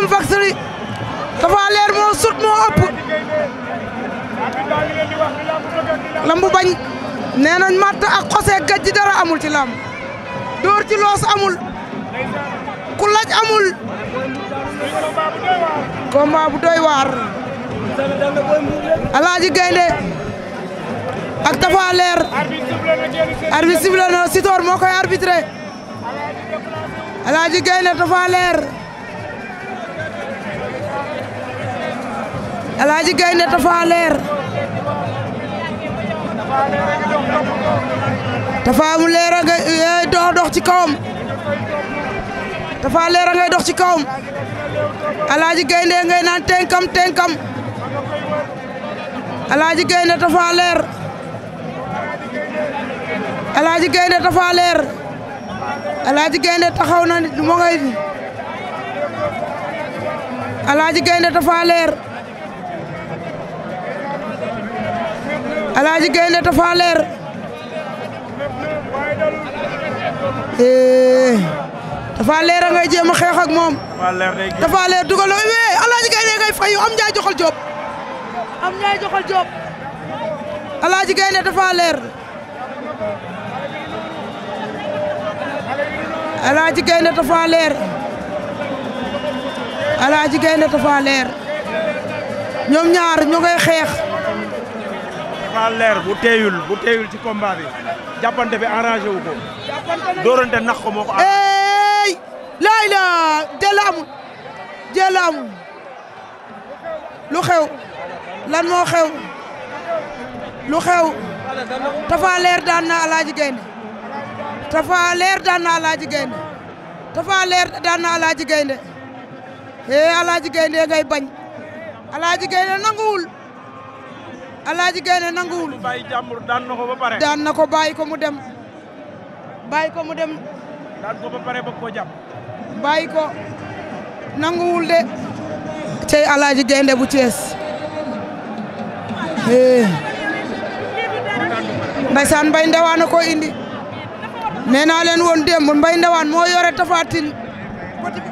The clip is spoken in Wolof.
borom Faxali dafa leer moo sut moo ëpp lambu bañ nee nañ matt ak xosee dara amul ci lamb dóor ci loos amul ku laj amul combat bu doy waar Alaaji Gaynde ak Tapha Leer arbitre sifflé na moo koy arbitré Alaaji Gaynde Tapha Leer Alaaji Gaynde Tapha Leer Tapha mu leer a ngay eh, dox dox ci kawam Tapha Leer a ngay dox ci kawam Alaaji Gaynde ngay naan tenkam tenkam Alaaji Gaynde Tapha Leer Alaaji Gaynde Tapha Leer Alaaji Gaynde taxaw na mo ngay Alaaji Gaynde Tapha Leer Alaaji Gaynde Tapha Leer Tapha eh, Leer a ngay jéem a xeex ak moom Tapha Leer eh, am njaay Gaynde Tapha Leer Alaaji Gaynde Tapha Leer Gaynde Tapha Leer ñoom ñaar ñu ngay xeex dafa leer bu teeyul bu teeyul ci combat bi bi arrangé wu ko. dóorante nax ko moo ko. eey laay la jël amul jël amul lu xew lan moo xew lu xew Tapha Leer daan na Alaaji Gaynde Tapha Leer daan na Alaaji Gaynde Tapha Leer daan na Alaaji Gaynde hee Alaaji Gaynde ngay bañ Alaaji Gaynde nanguwul Alaaji Gaynde nanguwul. bàyyi jàmbur daan na ko ba pare. daan na ko bàyyi ko mu dem bàyyi ko mu dem. daan ko ba bàyyi ko nanguwul de. cey Alaaji Gaynde bu Thiès. Eh. ndaysaan Mbay Ndawaan a ko indi. nee naa leen woon démb Mbay Ndawaan moo yore Tapha